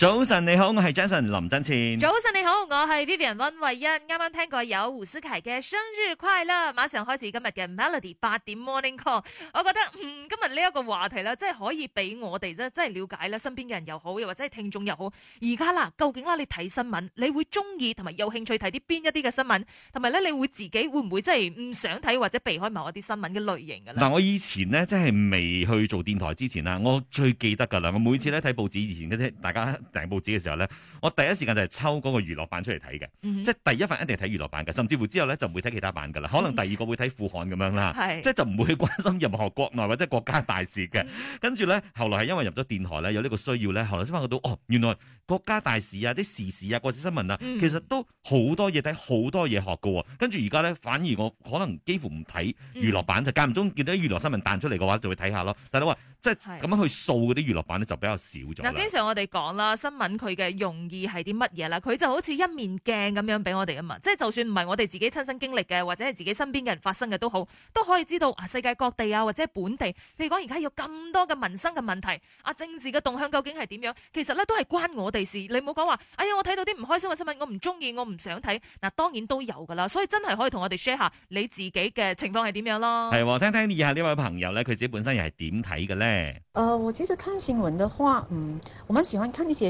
早晨你好，我係 Jason 林振千。早晨你好，我係 Vivian 温慧欣。啱啱聽過有胡思琪嘅生日快樂，馬上開始今日嘅 Melody 八點 Morning Call。我覺得、嗯、今日呢一個話題咧，真係可以俾我哋即係了解咧，身邊嘅人又好，又或者係聽眾又好。而家啦，究竟啦，你睇新聞，你會中意同埋有興趣睇啲邊一啲嘅新聞，同埋咧你會自己會唔會即係唔想睇或者避開某一啲新聞嘅類型噶咧？嗱，我以前呢即係未去做電台之前啊，我最記得噶啦，我每次咧睇報紙以前大家。訂報紙嘅時候咧，我第一時間就係抽嗰個娛樂版出嚟睇嘅，mm-hmm. 即係第一份一定係睇娛樂版嘅，甚至乎之後咧就唔會睇其他版噶啦，可能第二個會睇副刊咁樣啦，mm-hmm. 即係就唔會關心任何國內或者國家大事嘅。跟住咧，後來係因為入咗電台咧，有呢個需要咧，後來先發覺到哦，原來國家大事啊、啲時事啊、國際新聞啊，其實都好多嘢睇、好多嘢學嘅喎、哦。跟住而家咧，反而我可能幾乎唔睇娛樂版，mm-hmm. 就間唔中見到啲娛樂新聞彈出嚟嘅話，就會睇下咯。但係你話即係咁樣去掃嗰啲娛樂版咧，就比較少咗嗱，mm-hmm. 經常我哋講啦。新聞佢嘅用意係啲乜嘢啦？佢就好似一面鏡咁樣俾我哋啊嘛，即係就算唔係我哋自己親身經歷嘅，或者係自己身邊嘅人發生嘅都好，都可以知道啊。世界各地啊，或者本地，譬如講而家有咁多嘅民生嘅問題，啊，政治嘅動向究竟係點樣？其實咧都係關我哋事。你唔好講話，哎呀，我睇到啲唔開心嘅新聞，我唔中意，我唔想睇。嗱，當然都有噶啦，所以真係可以同我哋 share 下你自己嘅情況係點樣咯。係，聽聽以下呢位朋友咧，佢自己本身又係點睇嘅咧？誒、呃，我其實看新聞嘅話，嗯，我蠻喜歡看一些。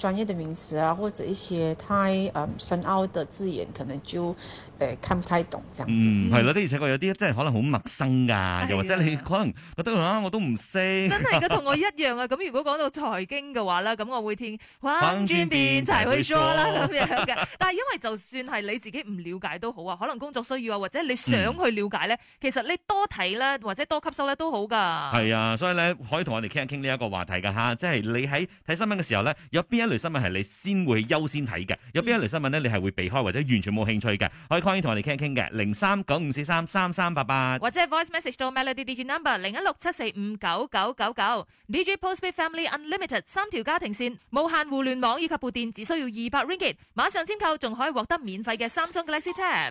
專業嘅名詞啊，或者一些太、呃、深奧嘅字眼，可能就誒、呃、看不太懂，這樣。嗯，係啦，的而且確有啲真係可能好陌生㗎，又、哎、或者你可能覺得、啊啊、我都唔識。真係嘅同我一樣啊！咁 如果講到財經嘅話啦，咁我會聽翻轉變齊去咗啦咁樣嘅。但係因為就算係你自己唔了解都好啊，可能工作需要啊，或者你想去了解咧、嗯，其實你多睇啦，或者多吸收咧都好㗎。係啊，所以咧可以同我哋傾一傾呢一個話題㗎吓，即係、就是、你喺睇新聞嘅時候咧，有邊一類新聞係你先會優先睇嘅，有邊一類新聞咧你係會避開或者完全冇興趣嘅，可以 call 同我哋傾一傾嘅零三九五四三三三八八，或者 voice message 到 melody Digi number 零一六七四五九九九九 Digi Postpaid Family Unlimited 三條家庭線，無限互聯網以及部電，只需要二百 ringgit，馬上簽購，仲可以獲得免費嘅 Samsung Galaxy Tab。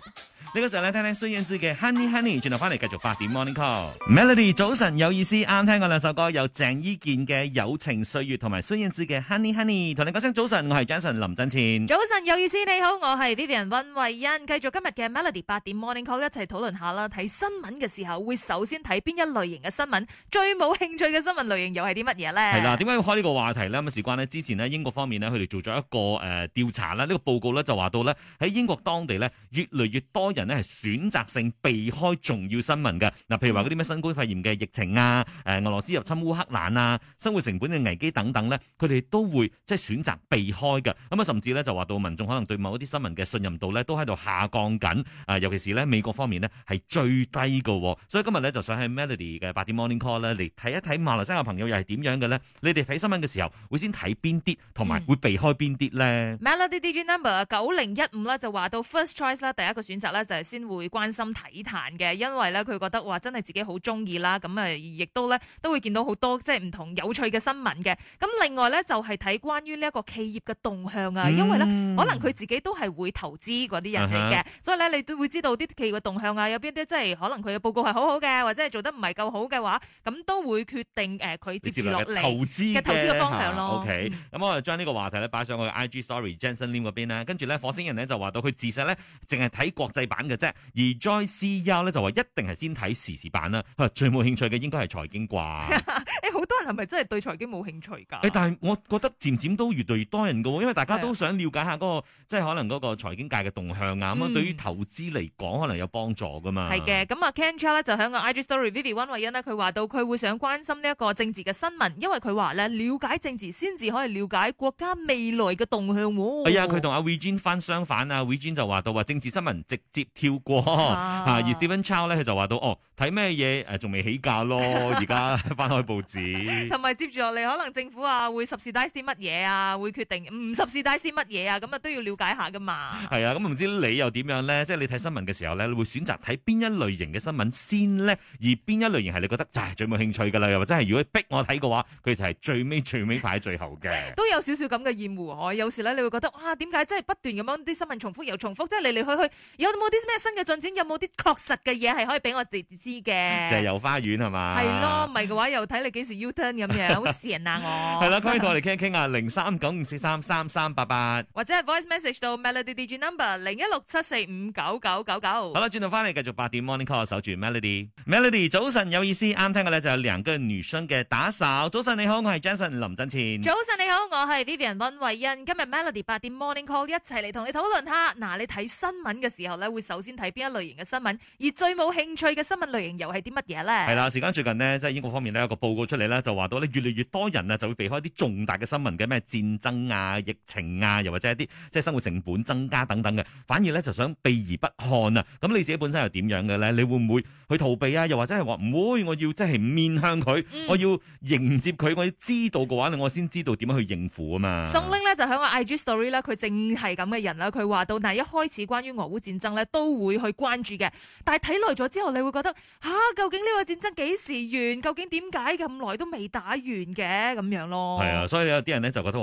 呢、這個時候呢，聽聽孫燕姿嘅 Honey Honey，轉頭翻嚟繼續八點 Morning Call，Melody 早晨有意思，啱聽過兩首歌，有鄭伊健嘅《友情歲月》同埋孫燕姿嘅 Honey Honey，講聲早晨，我係 Jason 林振千。早晨有意思，你好，我係 Vivian 溫慧恩。繼續今日嘅 Melody 八點 Morning Call，一齊討論一下啦。睇新聞嘅時候，會首先睇邊一類型嘅新聞？最冇興趣嘅新聞類型又係啲乜嘢咧？係啦，點解要開呢個話題呢？咁事關呢，之前呢，英國方面呢，佢哋做咗一個誒、呃、調查啦。呢、呢個報告咧就話到呢，喺英國當地呢，越嚟越多人呢，係選擇性避開重要新聞嘅。嗱，譬如話嗰啲咩新冠肺炎嘅疫情啊，誒俄羅斯入侵烏克蘭啊，生活成本嘅危機等等呢，佢哋都會即係選。擇避開嘅咁啊，甚至咧就話到民眾可能對某啲新聞嘅信任度咧都喺度下降緊啊，尤其是咧美國方面呢，係最低噶，所以今日咧就想喺 Melody 嘅八點 Morning Call 咧嚟睇一睇馬來西亞朋友又係點樣嘅咧？你哋睇新聞嘅時候會先睇邊啲，同埋會避開邊啲咧？Melody D J Number 九零一五咧就話到 First Choice 啦，第一個選擇咧就係先會關心體壇嘅，因為咧佢覺得話真係自己好中意啦，咁啊亦都咧都會見到好多即係唔同有趣嘅新聞嘅。咁另外咧就係睇關於呢一個企業嘅動向啊，因為咧可能佢自己都係會投資嗰啲人嚟嘅、嗯，所以咧你都會知道啲企業嘅動向啊，有邊啲即係可能佢嘅報告係好好嘅，或者係做得唔係夠好嘅話，咁都會決定誒佢接住落嚟投資嘅投資嘅方向咯、啊啊。OK，咁、嗯、我就將呢個話題咧擺上去 IG Story Jason Lim 嗰邊啦，跟住咧火星人咧就話到佢自細咧淨係睇國際版嘅啫，而 Joyce Yew 咧就話一定係先睇時事版啦。最冇興趣嘅應該係財經啩？誒、欸，好多人係咪真係對財經冇興趣噶、欸？但係我覺得漸漸都。 越嚟越多人噶，因為大家都想了解一下嗰、那個，即係可能嗰個財經界嘅動向啊。咁、嗯、啊，對於投資嚟講，可能有幫助噶嘛。係嘅，咁啊，Ken Chow 咧就喺個 IG Story Vivian 溫慧欣呢，佢話到佢會想關心呢一個政治嘅新聞，因為佢話咧了解政治先至可以了解國家未來嘅動向、哦。哎啊，佢同阿 Vivian 翻相反啊 Vivian 就話到話政治新聞直接跳過、啊啊、而 Steven Chow 咧，佢就話到哦，睇咩嘢誒，仲未起價咯，而家翻開報紙。同 埋接住落嚟，可能政府啊會實施啲啲乜嘢啊？啊，會決定五，嗯，十是大師乜嘢啊？咁啊都要了解下噶嘛。係啊，咁唔知你又點樣咧？即係你睇新聞嘅時候咧，你會選擇睇邊一類型嘅新聞先咧？而邊一類型係你覺得就係最冇興趣噶啦？又或者係如果逼我睇嘅話，佢就係最尾最尾排喺最後嘅。後後 都有少少咁嘅厭惡，我有時呢，你會覺得哇，點解真係不斷咁樣，啲新聞重複又重複，即係嚟嚟去去有冇啲咩新嘅進展？有冇啲確實嘅嘢係可以俾我哋知嘅？石油花園係嘛？係咯，唔係嘅話又睇你幾時 U turn 咁樣，好蝕人啊！ 可以我係啦，今日傾傾啊，零三。九五四三三三八八，或者係 voice message 到 Melody D G number 零一六七四五九九九九。好啦，轉頭翻嚟，繼續八點 morning call，守住 Melody。Melody，早晨有意思，啱聽嘅咧，就兩個女生嘅打手。早晨你好，我係 Jason 林振前。早晨你好，我係 Vivian 溫慧欣。今日 Melody 八點 morning call，一齊嚟同你討論下。嗱，你睇新聞嘅時候咧，會首先睇邊一類型嘅新聞，而最冇興趣嘅新聞類型又係啲乜嘢咧？係啦，時間最近咧，即係英國方面咧有個報告出嚟咧，就話到咧越嚟越多人啊就會避開啲重大嘅新聞嘅咩節。戰爭啊、疫情啊，又或者一啲即係生活成本增加等等嘅，反而咧就想避而不看啊。咁你自己本身又點樣嘅咧？你會唔會去逃避啊？又或者係話唔會？我要即係面向佢、嗯，我要迎接佢，我要知道嘅話，我先知道點樣去應付啊嘛。宋玲咧就喺個 IG story 啦，佢淨係咁嘅人啦。佢話到第一開始關於俄烏戰爭咧都會去關注嘅，但係睇耐咗之後，你會覺得吓、啊，究竟呢個戰爭幾時完？究竟點解咁耐都未打完嘅咁樣咯？係啊，所以有啲人就覺得。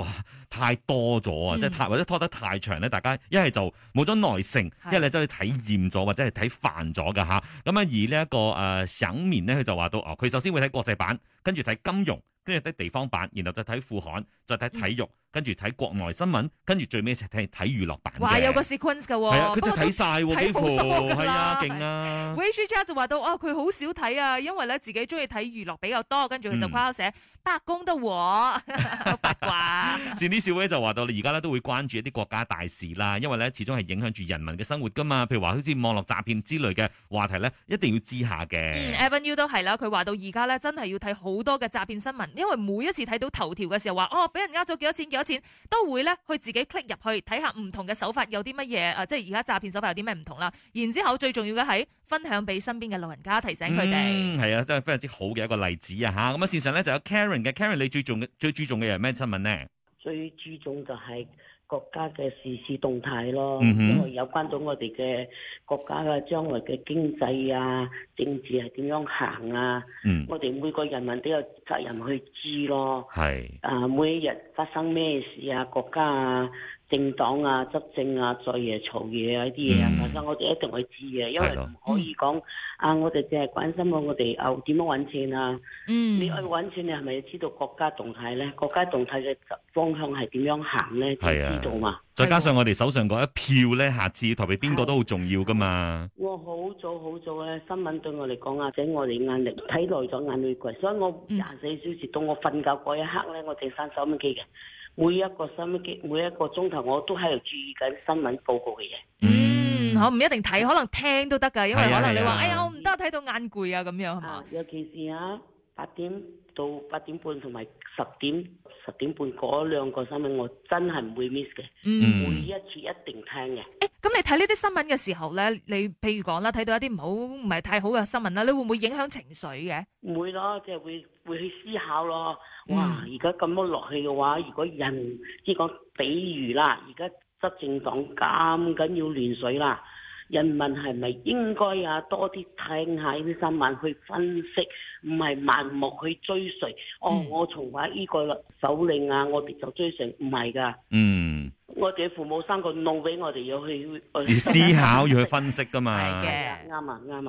太多咗啊！即係太或者拖得太長咧，大家一係就冇咗耐性，一係真係睇厭咗或者係睇煩咗噶吓。咁啊，而、這個呃、呢一個誒醒面咧，佢就話到哦，佢首先會睇國際版，跟住睇金融。跟住啲地方版，然後就睇副刊，再睇體育，跟住睇國內新聞，跟住最尾睇睇娛樂版。哇，有個 sequence 㗎喎，哦，佢真係睇晒喎，睇好多㗎啦，勁啦！Wishy 渣就話到，哦，佢好少睇啊，因為咧自己中意睇娛樂比較多，跟住佢就跨下寫八公得喎，八，嗯、卦。前啲 小妹就話到，你而家咧都會關注一啲國家大事啦，因為咧始終係影響住人民嘅生活㗎嘛。譬如話好似網絡詐騙之類嘅話題咧，一定要知下嘅。嗯、Evan You 都係啦，佢話到而家咧真係要睇好多嘅詐騙新聞。因為每一次睇到頭條嘅時候，話哦，俾人呃咗幾多錢幾多錢，都會咧去自己 click 入去睇下唔同嘅手法有啲乜嘢啊，即係而家詐騙手法有啲咩唔同啦。然之後最重要嘅係分享俾身邊嘅老人家，提醒佢哋。嗯，係啊，真係非常之好嘅一個例子啊！吓、嗯，咁啊，事實上咧就有 Karen 嘅，Karen 你最重最注重嘅係咩新聞呢？最注重就係。國家嘅時事動態咯、嗯，因為有關到我哋嘅國家嘅將來嘅經濟啊、政治係點樣行啊，嗯、我哋每個人民都有責任去知咯。係啊，每一日發生咩事啊，國家啊。政黨啊，執政啊，做嘢嘈嘢啊，呢啲嘢啊，我哋一定會知嘅，因為唔可以講、嗯、啊，我哋淨係關心我我哋啊點樣揾錢啊。嗯，你去揾錢，你係咪要知道國家動態咧？國家動態嘅方向係點樣行咧？知道嘛？再加上我哋手上嗰一票咧，下次投俾邊個都好重要噶嘛。我好早好早咧，新聞對我嚟講啊，或者、就是、我哋眼力睇耐咗眼淚滾，所以我廿四小時到我瞓覺嗰一刻咧，我哋翻手機嘅。每一個新機，每一個鐘頭我都喺度注意緊新聞報告嘅嘢。嗯，我唔一定睇，可能聽都得噶因為可能你話，啊、哎呀，我唔得睇到眼攰啊咁樣係嘛。啊、吧尤其是啊，八點到八點半同埋十點十點半嗰兩個新聞，我真係唔會 miss 嘅，嗯、每一次一定聽嘅。咁你睇呢啲新聞嘅時候咧，你譬如講啦，睇到一啲唔好唔係太好嘅新聞啦，你會唔會影響情緒嘅？唔會咯，即係會會去思考咯。哇！而家咁樣落去嘅話，如果人即係講，比如啦，而家執政黨咁緊要亂水啦，人民係咪應該啊多啲聽下呢啲新聞去分析，唔係盲目去追隨。嗯、哦，我從話依個首領啊，我哋就追隨，唔係㗎。嗯。我哋父母生個腦俾我哋，要去、哎、 思考，要去分析噶嘛。係嘅，啱 啊，啱啊，啊，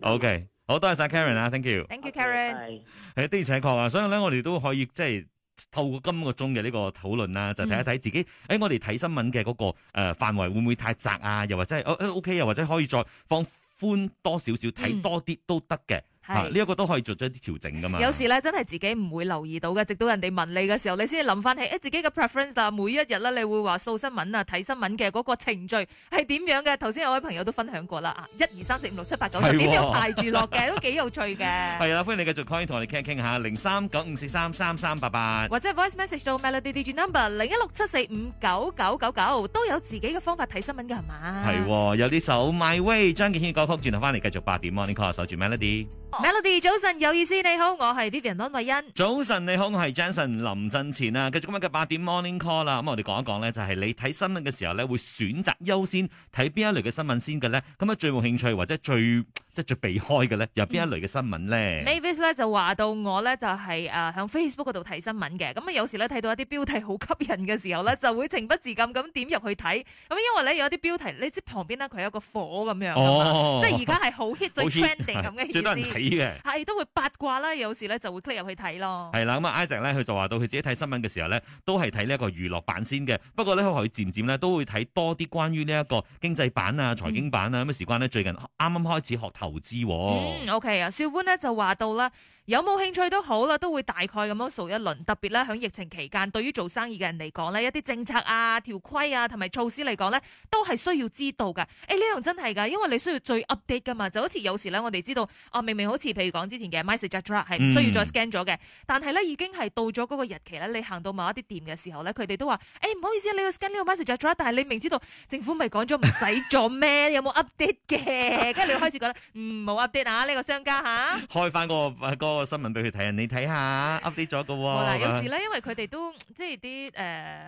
啊。OK，好，多謝晒 Karen 啊，Thank you，Thank you，Karen、okay，哎。係，係的，的確啊。所以咧，我哋都可以即係透過今個鐘嘅呢個討論啦，就睇一睇自己。誒、嗯哎，我哋睇新聞嘅嗰個誒範圍會唔會太窄啊？又或者係誒、啊、，OK，又或者可以再放寬多少少，睇多啲都得嘅。呢、啊、一、呢個都可以做咗一啲調整噶嘛。有時咧，真係自己唔會留意到嘅，直到人哋問你嘅時候，你先諗翻起誒自己嘅 preference 啊。每一日咧，你會話掃新聞啊、睇新聞嘅嗰個程序係點樣嘅？頭先有位朋友都分享過啦，啊，一二三四五六七八九十，點樣排住落嘅， 都幾有趣嘅。係啦，歡迎你繼續 call 同我哋傾傾下，零三九五四三三三八八，或者 voice message 到 melody Digi number 零一六七四五九九九九，都有自己嘅方法睇新聞嘅係嘛？係、哦，有啲首 My Way 張敬軒歌曲，轉頭翻嚟繼續八點 on call 守住 melody。Melody，早晨有意思，你好，我係 Vivian 溫慧欣。早晨你好，我係 Jason 林振前啊，繼續今日嘅八點 Morning Call 啦，咁我哋講一講咧，就係你睇新聞嘅時候咧，會選擇優先睇邊一類嘅新聞先嘅咧，咁啊最冇興趣或者最。即係最避開嘅咧，有邊一類嘅新聞咧？嗯、Mavis 咧就話到我咧就係誒喺 Facebook 嗰度睇新聞嘅，咁啊有時咧睇到一啲標題好吸引嘅時候咧，就會情不自禁咁點入去睇。咁因為咧有啲標題，你知旁邊咧佢有個火咁樣，哦嗯、即係而家係好 hit 最 trending 咁嘅意思。最多人睇嘅，係都會八卦啦。有時咧就會 click 入去睇咯。係啦，咁啊，Isaac 咧佢就話到佢自己睇新聞嘅時候咧，都係睇呢一個娛樂版先嘅。不過咧佢漸漸咧都會睇多啲關於呢一個經濟版啊、財經版啊。咁啊時關咧最近啱啱開始學。投資，嗯，OK 啊，邵官咧就話到啦。有冇興趣都好啦，都會大概咁樣掃一輪。特別咧喺疫情期間，對於做生意嘅人嚟講咧，一啲政策啊、條規啊同埋措施嚟講咧，都係需要知道噶。誒呢樣真係噶，因為你需要最 update 噶嘛。就好似有時咧，我哋知道啊，明明好似譬如講之前嘅 message drop 係唔需要再 scan 咗嘅，但係咧已經係到咗嗰個日期咧，你行到某一啲店嘅時候咧，佢哋都話：誒、欸、唔好意思你要 scan 呢個 message drop，但係你明知道政府咪講咗唔使做咩， 有冇 update 嘅？跟住你開始覺得，嗯冇 update 啊，呢個商家吓、啊，開翻嗰個個新聞俾佢睇啊！你睇下，update 咗㗎喎。有時咧，因為佢哋都即係啲誒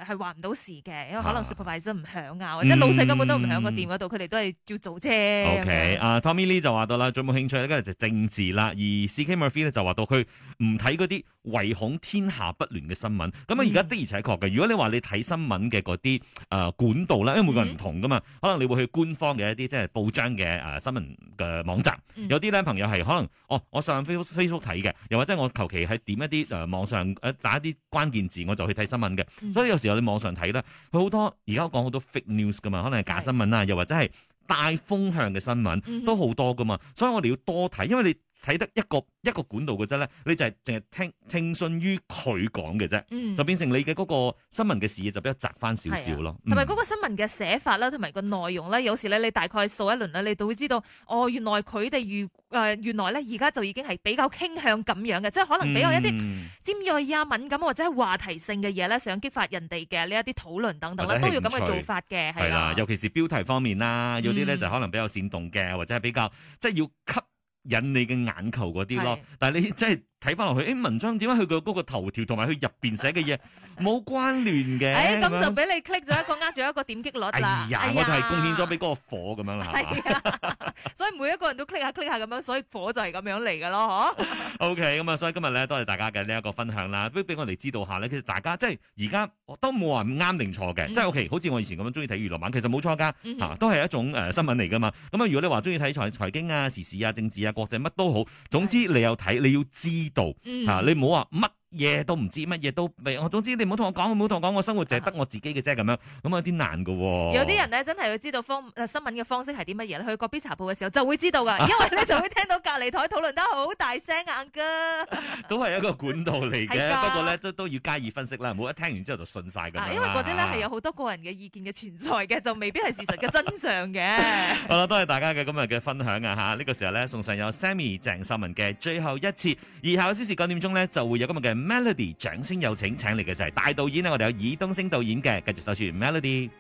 係話唔到事嘅，因為可能 supermarket 唔響啊，或者老細根本都唔喺個店嗰度，佢、嗯、哋都係照做啫。OK，啊、uh, Tommy Lee 就話到啦，最冇興趣咧，跟住就是政治啦。而 C K Murphy 就話到佢唔睇嗰啲唯恐天下不亂嘅新聞。咁啊，而家的而且確嘅。如果你話你睇新聞嘅嗰啲誒管道咧，因為每個人唔同噶嘛、嗯，可能你會去官方嘅一啲即係報章嘅誒、呃、新聞嘅網站。有啲咧朋友係可能哦，我上 Facebook Facebook 睇。睇嘅，又或者我求其喺點一啲誒網上誒打一啲關鍵字，我就去睇新聞嘅。所以有時候你網上睇咧，佢好多而家講好多 fake news 噶嘛，可能係假新聞啦，又或者係帶風向嘅新聞都好多噶嘛。所以我哋要多睇，因為你。睇得一個一個管道嘅啫咧，你就係淨係聽聽信於佢講嘅啫，就變成你嘅嗰個新聞嘅視野就比較窄翻少少咯。同埋嗰個新聞嘅寫法啦，同埋個內容咧，有時咧你大概掃一輪咧，你都會知道哦，原來佢哋如誒原來咧而家就已經係比較傾向咁樣嘅，即係可能比較一啲，嗯，尖銳啊，敏感或者係話題性嘅嘢咧，想激發人哋嘅呢一啲討論等等都要咁嘅做法嘅係啦。尤其是標題方面啦，嗯，有啲咧就可能比較煽動嘅，或者係比較即係要吸。引你嘅眼球嗰啲咯，但係你真係。睇翻落去，誒文章點解佢個嗰個頭條同埋佢入邊寫嘅嘢冇關聯嘅，咁、哎、就俾你 click 咗一個，呃、啊、咗一個點擊率啦、哎哎。我就係貢獻咗俾嗰個火咁樣啦。係、哎、啊， 所以每一個人都 click 下 click 下咁樣，所以火就係咁樣嚟嘅咯。O K，咁啊，所以今日咧，多謝大家嘅呢一個分享啦，都俾我哋知道一下咧，其實大家即係而家都冇話唔啱定錯嘅，即係 O K，好似我以前咁樣中意睇娛樂版，其實冇錯噶，啊，都係一種誒、呃、新聞嚟噶嘛。咁啊，如果你話中意睇財財經啊、時事啊、政治啊、國際乜都好，總之、哎、你有睇，你要知道。度、嗯、啊，你唔好話乜。嘢都唔知，乜嘢都未，我總之你唔好同我講，唔好同我講，我生活淨係得我自己嘅啫，咁、啊、樣，咁有啲難噶。有啲人咧真係要知道方新聞嘅方式係啲乜嘢，去國賓茶鋪嘅時候就會知道噶、啊，因為咧就會聽到隔籬台討論得好大聲眼噶。都係一個管道嚟嘅，不過咧都都要加以分析啦，唔好一聽完之後就信晒噶、啊。因為嗰啲咧係有好多個人嘅意見嘅存在嘅，就未必係事實嘅真相嘅。好、啊、啦，多謝大家嘅今日嘅分享啊吓，呢、這個時候咧送上有 Sammy 鄭秀文嘅最後一次，而下個小時九點鐘咧就會有今日嘅。Melody 掌聲有請，請嚟嘅就係大導演咧，我哋有爾冬升導演嘅，繼續收住 Melody。